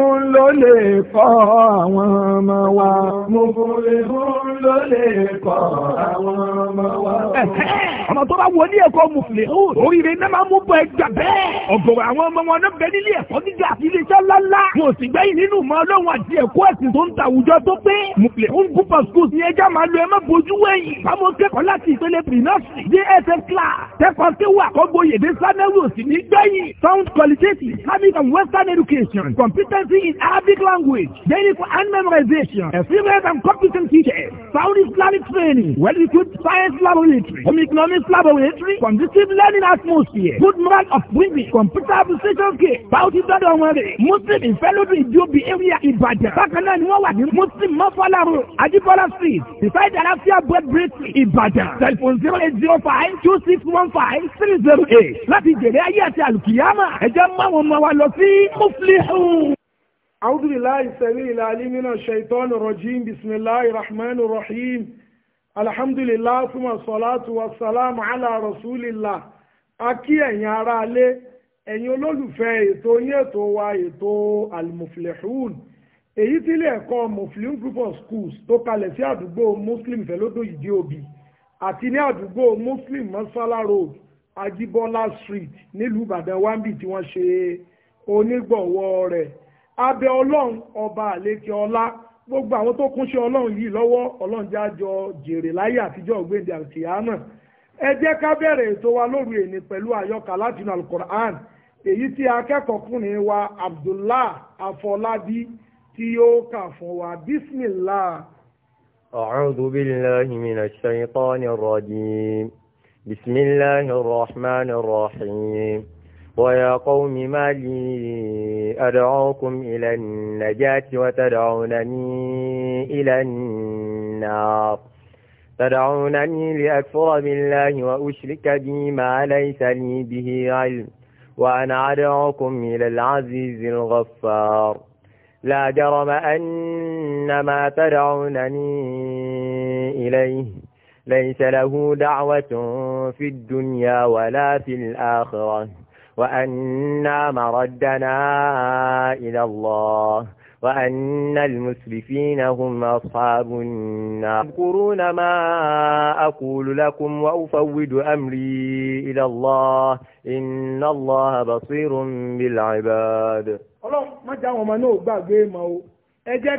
fún ló lè kọ́ àwọn wa. mo fòrè fún ló lè kọ́ àwọn ọmọ wa. ọmọ tó bá wọ ní ẹ̀kọ́ mo fìlè oríire náà máa mú bọ ẹgbà bẹ́ẹ̀. ọ̀gọ̀rọ̀ àwọn ọmọ wọn náà bẹ nílé ẹ̀kọ́ gíga àti iléeṣẹ́ mo sì gbẹ́yìn nínú ìmọ̀ ọlọ́run àti ẹ̀kọ́ ẹ̀sìn tó ń ta àwùjọ tó pé. mo fìlè hó gúpa schools ní ẹja máa lo ẹ má bojú báwo kẹ́kọ̀ọ́ láti ìpele pre dss class tẹ́kọ̀ọ́ tí wà kọ́gbóyèdè sanẹ́wò sì ní gbẹ̀yìn. sound qualitative islamic and western education competent is Arabic language, daily Quran memorization, experienced and competent teachers, sound Islamic training, well-equipped science laboratory, home economics laboratory, conducive learning atmosphere, good moral of women, computer application kit, bounty dọ́dọ̀ wọn rè. Muslim ìfẹ́lódún ìjóbi area Ìbàdàn. Bákan náà ni wọ́n wà ní Muslim Mọ́fọ́lárò, Ajíbọ́lá street, beside Àlàáfíà bread bakery Ìbàdàn. Telephone zero eight zero five two six one five three zero eight. Láti jèrè ayé àti àlùkìyámà, ẹ jẹ́ mọ́ àwọn ọmọ wa lọ sí Muflihun. أعوذ بالله السميع العليم من الشيطان الرجيم بسم الله الرحمن الرحيم الحمد لله ثم الصلاة والسلام على رسول الله akí ẹ̀yin ará alé ẹ̀yin olólùfẹ́ ètò yín ètò wa ètò almuflihun èyí tí ilé ẹ̀kọ́ muflihun group of schools tó kalẹ̀ sí àdúgbò muslim fẹ́lódò ìdí òbí àti ní àdúgbò muslim masala road ajibola street nílùú ìbàdàn wambi tí wọ́n ṣe onígbọ̀wọ́ rẹ̀ abẹ ọlọ́run ọba àlejò ọlá gbogbo àwọn tó kúnṣẹ́ ọlọ́run yìí lọ́wọ́ ọlọ́run jẹ́ àjọ jèrè láyé àtijọ́ ògbéǹde àtìyámọ̀ ẹ jẹ́ ká bẹ̀rẹ̀ ètò wa lóru èní pẹ̀lú àyọkà látinú alukoran èyí tí akẹ́kọ̀ọ́kùnrin wa abdullah afọlábí tí yóò kà fún wa bismillah. أعوذ بالله من الشيطان الرجيم بسم الله الرحمن الرحيم ويا قوم ما لي أدعوكم إلى النجاة وتدعونني إلى النار تدعونني لأكفر بالله وأشرك بي ما ليس لي به علم وأنا أدعوكم إلى العزيز الغفار لا جرم أن ما تدعونني إليه ليس له دعوة في الدنيا ولا في الآخرة وأنا مردنا إلى الله وأن المسرفين هم أصحاب النار اذكرون ما أقول لكم وأفوض أمري إلى الله إن الله بصير بالعباد ọlọ́run má já àwọn ọmọ náà gbàgbé mọ́ o ẹ jẹ́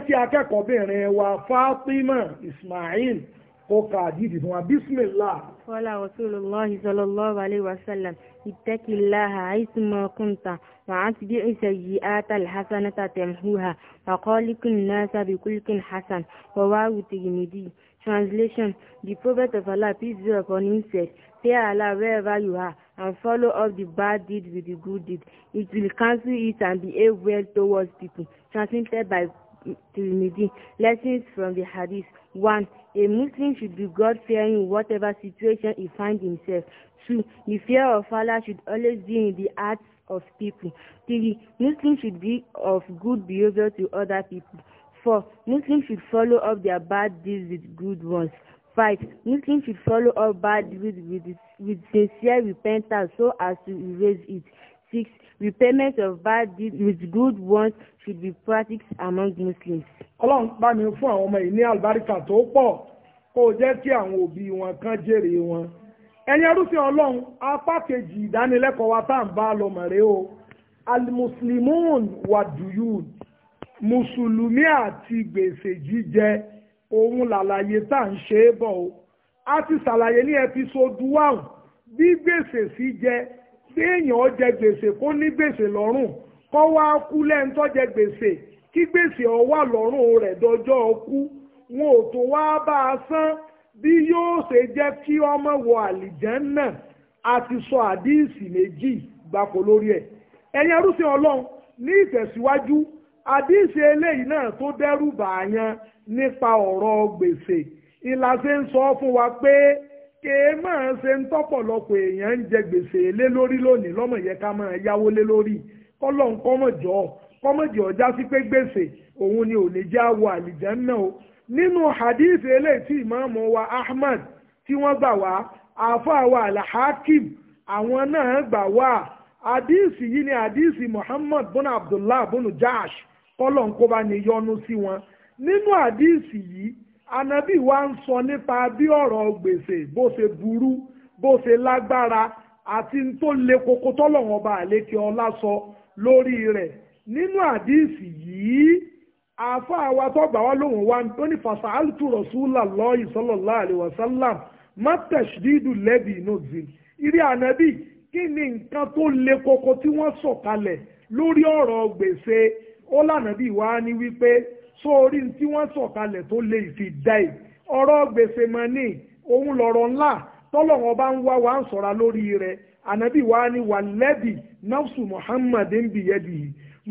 ó ka àdìdì fún wa bísímìlá. fọlá rasulullahi sallallahu alayhi wa sallam ittaqillaha aisuma kunta wa atbi sayyi'ata alhasanata tamhuha wa qaliqin nasa bi kulkin hasan wa wawu tirmidhi Translation The Prophet of Allah, peace be upon him, said, Fear Allah wherever you are and follow up the bad deed with the good deed. It will cancel it and be a well towards people. Transmitted by Tirmidhi. Lessons from the Hadith. one, A Muslim should be God-fearing in whatever situation he finds himself. Two, The fear of Allah should always be in the hearts of people. Three, Muslims should be of good behavior to other people. Four, Muslims should follow up their bad deeds with good ones. Five, Muslims should follow up bad deeds with, with, with sincere repentance so as to erase it. 6. Repayment of bad deeds with good ones should be practiced among Muslims. Ọlọ́run bá mi fún àwọn ọmọ yìí ní àlùbáríkà tó pọ̀ kó jẹ́ kí àwọn òbí wọn kan jèrè wọn. Ẹ̀yin arúfin Ọlọ́run apá kejì ìdánilẹ́kọ̀ọ́ wa tá à ń bá lọ mọ̀rẹ́ o. Al-Muslimun wa Mùsùlùmí àti gbèsè jíjẹ òun làlàyé tá à ń ṣe é bọ̀ o. A ti ṣàlàyé ní ẹpisodù wàhùn bí gbèsè sí jẹ bí èèyàn jẹ gbèsè kó ní gbèsè lọ́rùn kọ́ wá kú lẹ́ńtọ́ jẹ gbèsè kí gbèsè ó wà lọ́rùn rẹ̀ dọjọ́ ọkú wọn ò tún wá bá a san bí yóò ṣe jẹ́ kí ọmọ wọ àlìjẹ́nnà a ti sọ àdíìsì méjì gbapò lórí ẹ̀ ẹ̀yin arúsìn ọlọ́run ní ìtẹ̀síwájú àdíìsì eléyìí náà tó dẹ́rù bàyàn nípa ọ̀rọ̀ gbèsè ìlàsẹ̀ ń sọ fún wa pé kèé máa ṣe ń tọ́pọ̀lọpọ̀ èèyàn ń jẹ gbèsè lé lórí lónìí lọ́mọ yẹ ká máa yáwó lé lórí kọ́lọ́n kọ́mọ̀jọ́ kọ́mọ̀jọ́ já sí pé gbèsè òun ni ò ní já wọ àlìjánná o nínú hadith eléyìí tí ìmáàmù wa Ahmad tí wọ́n gbà wá àáfàá wa alhakim àwọn náà gbà wá hadith yìí ni hadith Muhammad bin Abdullah bin Jash kọ́lọ́n kó bá ní yọ́nú sí wọn nínú hadith yìí anabi wa ń sọ nípa bí ọ̀rọ̀ gbèsè bó ṣe burú bó ṣe lágbára àti tó le koko tọ́lọ̀wọ̀n bá àlékè ọlá sọ lórí rẹ̀ nínú àdíìsì yìí àfa àwa tó gbà wá lóhùn wa tó ní fàṣà àlùtù rọ̀ṣúlà lọ́ọ̀yì sọ́lọ́lá àlèwọ̀sálàm má tẹ̀sídìdù lẹ́bi inú zin irí ànábì kí ni nǹkan tó le koko tí wọ́n sọ̀kalẹ̀ lórí ọ̀rọ̀ gbèsè ó lànà bí wàá ní wípé so orí tí wọ́n sọ̀kalẹ̀ tó lè fi dá ẹ̀ ọ̀rọ̀ gbèsè mọ́ ní òun lọ̀rọ̀ ńlá tọ́lọ̀wọ́n bá ń wá wa ń sọ̀ra lórí rẹ̀ ànábì wa ni wà lẹ́bì nafsu muhammad ń bì yẹ́dì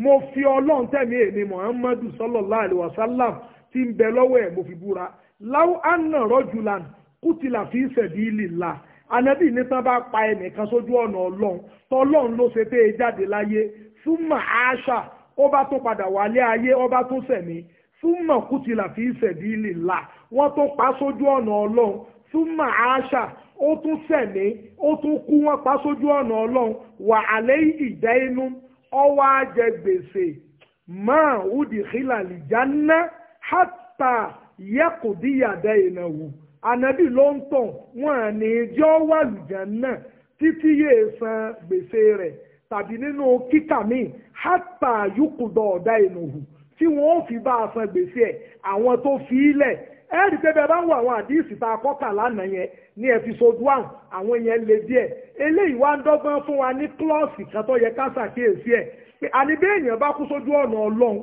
mo fi ọlọ́run tẹ̀mí èmi muhammadu sallallahu alayhi wa sallam ti ń bẹ lọ́wọ́ ẹ̀ mo fi búra láwọn àna rọ́jùlan kùtìlà fi sabilillah ànábì ní tán bá pa ẹnìkan sójú ọ̀nà ọlọ́run tọ́lọ́run ló ṣe pé e jáde láyé súnmọ́ àṣà ó tó padà wálé ayé ó tó sẹ̀mí súnmọ̀ kùtìlà fi ṣẹ̀dí ilé la wọ́n tó pa sójú ọ̀nà ọlọ́run súnmọ̀ àṣà ó tún sẹ̀mí ó tún kú wọ́n pa sójú ọ̀nà ọlọ́run wà àlẹ́ ìjà inú ọwọ́ àjẹ gbèsè máa wùdí xìlà lìjà ná hátà yẹkùdíyàdá ìnáwó ànábì ló ń tàn wọn ní jọ́ wà lùjà náà títí yéé san gbèsè rẹ̀ tàbí nínú kíkà míì hátà yúkùdọ̀ ọ̀dá ìnáwó tí wọn fi bá a san gbèsè ẹ̀ àwọn tó fi í eri ẹ rí i pé bẹ́ẹ̀ bá ń wo àwọn àdíìsì tá a kọ́kà lánàá yẹn ní ẹ̀físọ́dù àwọn àwọn yẹn lè eléyìí wá ń fún wa ní klọ́ọ̀sì kan tó yẹ ká ṣàkíyèsí pé èèyàn bá kú sójú ọ̀nà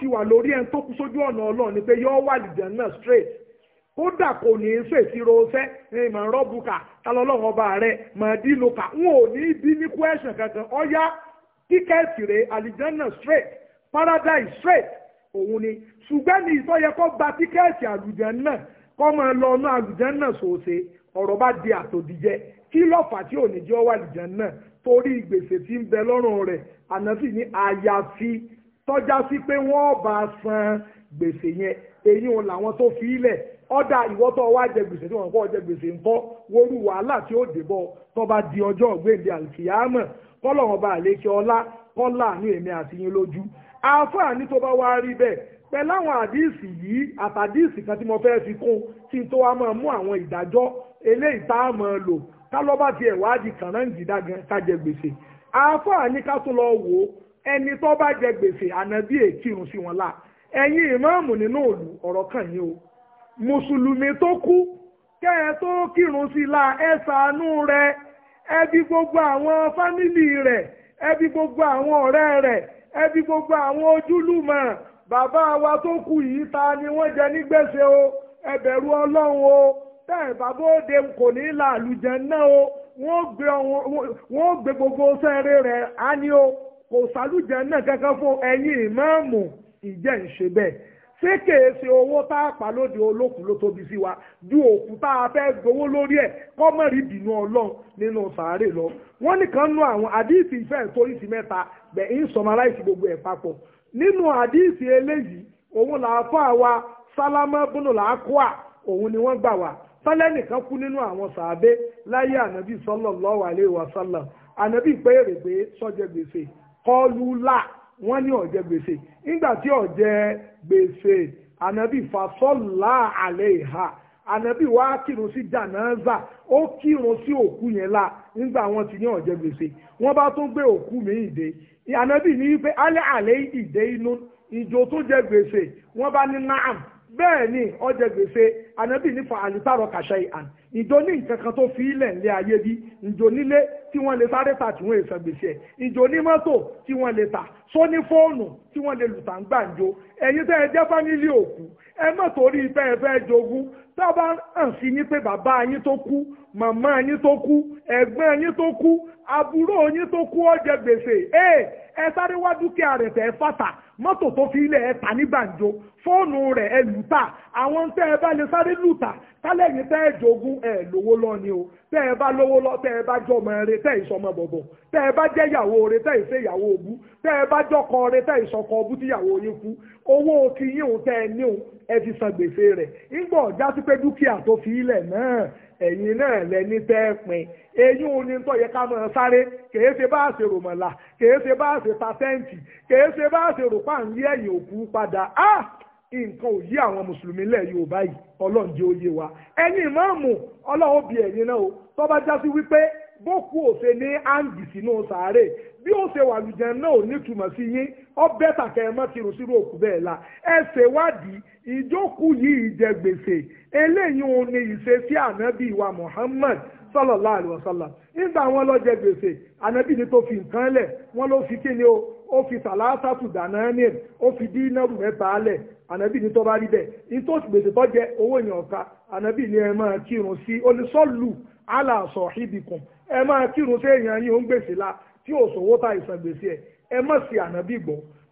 ti wà lórí ẹni tó kú sójú ọ̀nà ọlọ́run ni pé straight kò ní í ọba n ò ní bí ní kankan àlìjẹ́ straight paradise straight òun ni ṣùgbọ́n ní ìsọyẹ kó gba tíkẹ́ẹ̀tì àlùjẹ́ náà kó máa lọ ọ̀nà àlùjẹ́ náà ṣòṣe ọ̀rọ̀ bá di àtòdìjẹ kí lọ́fà tí ò ní jẹ́ ọwọ́ àlùjẹ́ náà torí gbèsè tí ń bẹ lọ́rùn rẹ̀ ànáfì ní àyàfi tọ́já sí pé wọ́n bá san gbèsè yẹn èyí ò làwọn tó fi ilẹ̀ ọ̀dà ìwọ́tọ̀ wá jẹ gbèsè tí wọ́n kọ́ jẹ gbèsè ńkọ́ wóru wàhálà tí ó débọ̀ tó bá di ọjọ́ ọ̀gbẹ́ndẹ̀ àlùkìyámọ̀ kọ́lọ̀ wọn bá àlékè ọlá kọ́lá àánú èmi àti yín lójú àǹfààní tó bá wá rí bẹ́ẹ̀ pẹ̀lú àwọn àdíìsì yìí àtàdíìsì kan tí mo fẹ́ fi kún tí n tó wá máa mú àwọn ìdájọ́ eléyìí tá a máa lò ká lọ́ bá tiẹ̀ wá di kànáǹdìdá gan ká jẹ gbèsè àǹfààní ká tún lọ wò ẹni tó bá jẹ gbèsè ànábì èkìrùn sí wọn la ẹ̀yin ìmáàmù nínú òlù ọ̀rọ̀ kan yìí o mùsùlùmí tó kú kẹ́ ẹ tó kírun sí la ẹ ṣàánú rẹ̀ ẹbí gbogbo àwọn fámìlì rẹ̀ ẹbí gbogbo àwọn ọ̀rẹ́ rẹ̀ ẹbí gbogbo àwọn ojúlùmọ̀ bàbá wa tó kù yìí ta ni wọ́n jẹ nígbèsè o ẹbẹ̀rù ọlọ́run o tẹ́ẹ̀ bàbá òde kò ní là àlùjẹ náà o wọ́n gbé gbogbo sẹ́ẹ̀rẹ́ rẹ̀ á ní o kò sàlùjẹ náà kankan fún ẹ̀yin ìmáàmù ìjẹ́ ìṣe bẹ́ẹ̀ ṣé kèéṣe owó tá a pa lóde olókùn ló tóbi sí wa ju òkú tá a fẹ́ gbowó lórí ẹ̀ kọ́mọ̀rì bínú ọlọ́run nínú sàárè lọ wọ́n nìkan nú àwọn àdíìsì ìfẹ́ torí sí mẹ́ta bẹ̀ ń sọmaláìsì gbogbo ẹ̀ papọ̀ nínú àdíìsì eléyìí òun làáfọ́ àwa sálámà bùnú làákùá òun ni wọ́n gbà wá sálẹ́nìkan kú nínú àwọn sàábé láyé ànábì sallallahu alaihi wasallam ànábì pé èrè pé sọ́jẹ́ gbèsè kọlu láà wọ́n ní ọ̀jẹ̀ gbèsè nígbà tí ọ̀jẹ̀ gbèsè ànábì fasọ́lá àlẹ́ ìhà ànábì wá kírun sí jànáza ó kírun sí òkú yẹn la nígbà wọn ti ní ọ̀jẹ̀ gbèsè wọ́n bá tún gbé òkú mi ìdè ànábì ní wípé alẹ́ àlẹ́ ìdè inú ìjò tó jẹ gbèsè wọ́n bá ní náàm bẹ́ẹ̀ ni ọjẹ́ gbèsè anabi nífa àlítàrọ̀ kàṣà ìhàn ìjọ ní nǹkan tó fi ilẹ̀ ńlẹ̀ ayé bí ìjọ nílé tí wọ́n lè sáré tà tí wọ́n lè san gbèsè ìjọ ní mọ́tò tí wọ́n lè tà sóní fóònù tí wọ́n lè lùtà ń gbàǹjo ẹ̀yin tẹ́ ẹ jẹ́ fámílì òkú ẹ má torí ibẹ̀ ẹ fẹ́ jogún tá a bá hàn sí yín pé bàbá yín tó kú màmá yín tó kú ẹ̀gbọ́n yín fóònù rẹ̀ ẹ lùtà àwọn tẹ́ ẹ bá lè sáré lùtà tálẹ̀yìn tẹ́ ẹ jogún ẹ lówó lọ ni o tẹ́ ẹ bá lówó lọ tẹ́ ẹ bá jọmọ rẹ tẹ́ ìsọmọ bọ̀bọ̀ tẹ́ ẹ bá jẹ́yàwó rẹ tẹ́ ìṣèyàwó òbú tẹ́ ẹ bá jọkọ rẹ tẹ́ ìṣọkọ òbú tíyàwó yín kú owó ti yín òun tẹ́ ẹ ní òun ẹ ti san gbèsè rẹ̀ ńgbọ̀ jásí pé dúkìá tó fi ilẹ̀ náà ẹ̀yin náà lẹni tẹ́ ẹ pin eyín oní tó yẹ ká máa sáré kèé ṣe bá ṣe ròmọ̀là kèé ṣe bá ṣe ta tẹ́ǹtì kèé ṣe bá ṣe rò pàǹdí ẹ̀yìn òkú padà ah! nǹkan ò yí àwọn mùsùlùmí lẹ̀ yorùbá yìí ọlọ́run jẹ́ oyé wa ẹni ìmáàmù ọlọ́run bí ẹ̀yin náà o tó bá já sí wípé bókú òfé ní áǹdì sínú sàárè bí ó ṣe wà lùjẹ́ náà ò nítumọ̀ sí yín ọ bẹ́tà kẹ́ ẹ má ti rùsírù òkú bẹ́ẹ̀ la ẹ ṣèwádìí ìjókòó yìí ìjẹgbèsè eléyìí òun ni ìṣesí ànábì wa Muhammad sallallahu alaihi wasallam nígbà wọn lọ jẹ gbèsè ànábì ni tó fi nǹkan lẹ̀ wọ́n ló fi kíni o ó fi sàlásàtù dáná ní ẹ̀ ó fi dínàrù mẹ́ta lẹ̀ ànábì ní tó bá rí bẹ́ẹ̀ ní tó gbèsè tó jẹ owó èèyàn ká ànábì ní ẹ máa kírun sí onísọ́ọ̀lù aláàsọ̀ ibìkùn ẹ máa kírun sí èèyàn yìí tí ò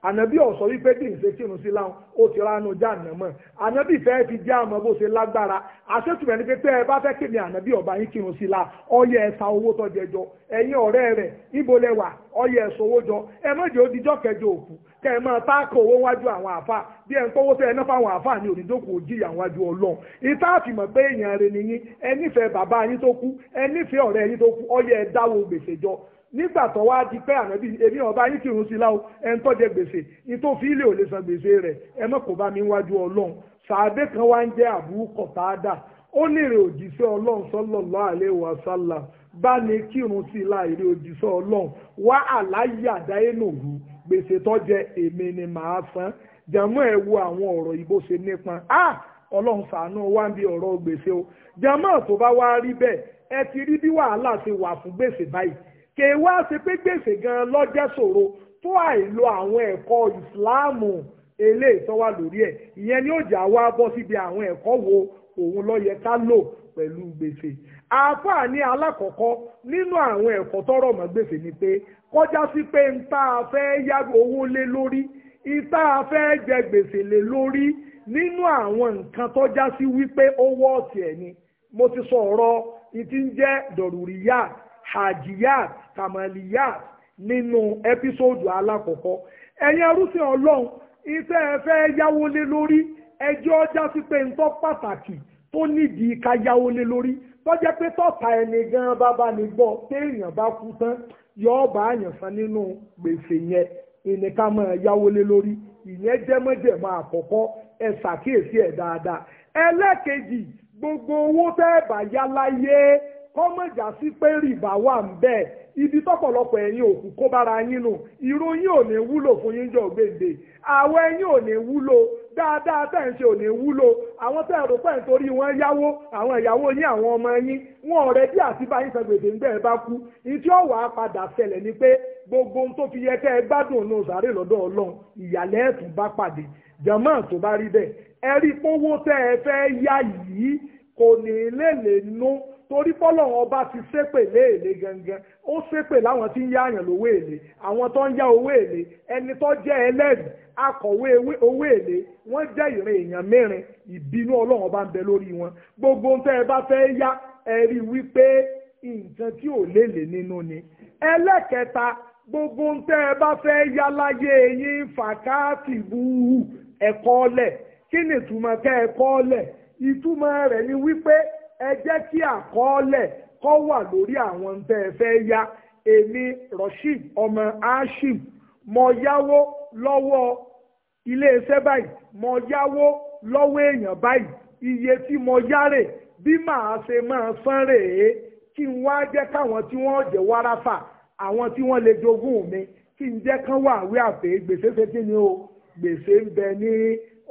ànábì ọ̀sọ́ wípé bí n ṣe kírun sí láwọn ó ti ránú jáàná mọ́ ànábì fẹ́ fi jẹ́ àmọ́ bó ṣe lágbára àṣetùmẹ̀ ni pé tẹ́ ẹ bá fẹ́ kí ni ànábì ọba yín kírun sí la ọyẹ ẹ̀sà owó tó jẹjọ ẹ̀yin ọ̀rẹ́ rẹ̀ ibo lẹ wà ọyẹ ẹ̀sọ owó jọ ẹ má jẹ́ odijọ́ kẹjọ òkú kẹ ẹ máa táàkì owó wájú àwọn àfa bí ẹ ń kówó tẹ ẹ fáwọn àfa ní òdìdókòó jìyà wájú ọlọ́run ìta àfìmọ̀ pé èèyàn rẹ̀ nìyí ẹ nífẹ̀ẹ́ bàbá yín tó kú ẹ nífẹ̀ẹ́ ọ̀rẹ́ yín tó kú ọyẹ ẹ dáwọ́ gbèsè jọ nígbà tó wá di pé ànábì èmi ọba yín kírun sí láwo ẹn tó jẹ gbèsè ní tó fi ilé ò lè san gbèsè rẹ̀ ẹ mọ̀ kó bá mi wájú ọlọ́run sàádé kan wá ń jẹ́ àbúrú kọ̀tàádà ó ní èrè òjíṣẹ́ ọlọ́run sallallahu alaihi wasallam bá ní kírun sí la èrè òjíṣẹ́ ọlọ́run wá àláyé àdáyé nòru gbèsè tó jẹ èmi ni màá san jàmọ́ ẹ̀ wo àwọn ọ̀rọ̀ ìbò ṣe nípọn ah! ọlọ́run ṣàánú wá ń bí ọ̀rọ̀ gbèsè o jàmọ́ tó bá wá rí bẹ́ẹ̀ ẹ ti rí bí wàhálà ṣe wà kè wá ṣe pé gan-an lọ́jẹ́ ṣòro tó àìlo àwọn ẹ̀kọ́ ìsìláàmù eléyìí tó lórí ẹ̀ ìyẹn ni oja wa bọ́ síbi àwọn ẹ̀kọ́ wo òun ló ká lò pẹ̀lú gbèsè àáfàá ní alákọ̀ọ́kọ́ nínú àwọn ẹ̀kọ́ tọ́rọ̀ mọ́ gbèsè ni pé kọjá sí pé n tá a fẹ́ yá owó lé lórí n tá a fẹ́ jẹ gbèsè lé lórí nínú àwọn nǹkan mo ti sọ ọ̀rọ̀ ìtí ń jẹ́ hajiyat kamaliyat nínú ẹ́písòdù alákọ̀ọ́kọ́ ẹ̀yin arúsìn ọlọ́run iṣẹ́ ẹ fẹ́ yáwó lé lórí ẹjọ́ ọjà sí pé nǹkan pàtàkì tó nídìí ká yáwó lé lórí tọ́jẹ́ pé tọ́ta ẹni gan bábá ní gbọ́ téèyàn bá kú tán yọ̀ọ́ bá àyàn san nínú gbèsè yẹn ìníká máa yáwó lé lórí ìyẹn jẹ́mọ́jẹ̀mọ́ àkọ́kọ́ ẹ ṣàkíyèsí ẹ̀ dáadáa ẹlẹ́kejì gbogbo owó tẹ́ bá yá láyé kọ́mọ̀jà sí pé rìbá wà ń bẹ̀ ibi tọ́pọ̀lọpọ̀ ẹ̀yin òkú kó bára yín nù irú yín ò ní wúlò fún yín jọ gbèǹde àwọ̀ ẹ̀yin ò ní wúlò dáadáa tẹ̀ ń ṣe ò ní wúlò àwọn tẹ̀ rò pẹ̀ nítorí wọ́n yáwó àwọn ìyàwó yín àwọn ọmọ yín wọn ọ̀rẹ́ bí àti bá san gbèdé ń bẹ́ẹ̀ bá kú ìtí ọ̀wà padà ṣẹlẹ̀ ni pé gbogbo ohun tó fi yẹ kẹ́ ẹ gbádùn ọ̀nà òsàrè lọ́dọ̀ ọlọ́run ìyàlẹ́ ẹ̀tún bá pàdé jẹ̀mọ́ tó bá rí bẹ́ẹ̀ ẹ rí pówó tẹ́ ẹ fẹ́ kò ní lè lè nú torí pọ́lọ́run ọba ti ṣépè léèlé gangan ó ṣépè láwọn tí ń yá àyàn lówó èlé àwọn tó ń yá owó èlé ẹni tó jẹ́ ẹlẹ́rìí akọ̀wé owó èlé wọ́n jẹ́ ìrìn èèyàn mẹ́rin ìbínú ọlọ́run ọba ń bẹ lórí wọn gbogbo ń tẹ́ ẹ bá fẹ́ yá ẹ rí i wípé nǹkan tí ò lélẹ̀ nínú ni ẹlẹ́kẹta gbogbo ń tẹ́ ẹ bá fẹ́ yá láyé yín fàkáàtì búhù ẹ̀kọ́ lẹ̀ kí ni ìtumọ̀ kẹ́ ẹ̀kọ́ lẹ̀ ìtumọ̀ rẹ̀ ni wípé ẹ jẹ́ kí àkọọ́lẹ̀ kọ́ wà lórí àwọn tẹ́ ẹ fẹ́ yá èmi Rasheed ọmọ Ashim mo yáwó lọ́wọ́ iléeṣẹ́ báyìí mo yáwó lọ́wọ́ èèyàn báyìí iye tí mo yáre bí màá ṣe máa san rèé kí n wá jẹ́ káwọn tí wọ́n jẹ́ wáráfà àwọn tí wọ́n lè jogún mi kí n jẹ́ kán wà wí àpè gbèsè ṣe kí ni o gbèsè ń bẹ ní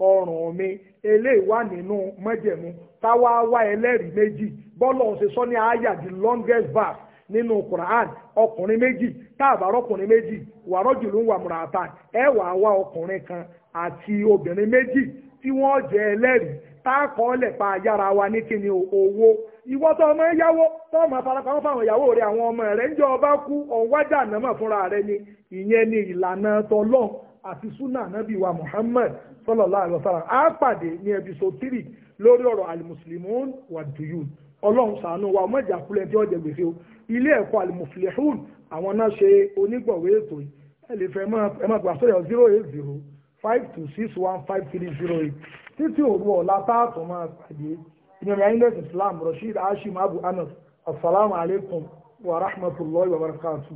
ọrùn mi eléyìí wà nínú májẹ̀mú táwa wá ẹlẹ́rìí méjì bọ́lọ̀ ṣe sọ ní àyà the longest verse nínú Quran ọkùnrin méjì táàbàrọ̀ ọkùnrin méjì wàrọ́jù ló ń wà múra àtà ẹ wà wá ọkùnrin kan àti obìnrin méjì tí wọ́n jẹ́ ẹlẹ́rìí táàkọ́ lẹ̀ pa yára wa ní kíni owó ìwọ tó ọmọ ẹ yáwó tó ọmọ farapamọ́ fáwọn ìyàwó rẹ àwọn ọmọ rẹ ń jẹ́ ọba kú ọ̀wájà nàmọ̀ fúnra rẹ ni ìyẹn ni ìlànà tọlọ́ọ̀ àti sunnah nabi wa muhammad sallallahu alaihi wasallam á pàdé ní episode three lórí ọ̀rọ̀ alimuslimun wa duyun ọlọ́run ṣàánú wa ọmọ ìjà kúlẹ̀ tí ó jẹ gbèsè o ilé ẹ̀kọ́ alimuflihun àwọn náà ṣe onígbọ̀wé ètò ẹ lè fẹ́ ẹ máa gbà sórí zero eight zero five two six one five three zero eight títí òru ọ̀la táàtò máa pàdé ìyọ̀nà ayélujára islam rasheed hashim abu anas asalaamu alaykum wa rahmatulahi wa barakatu.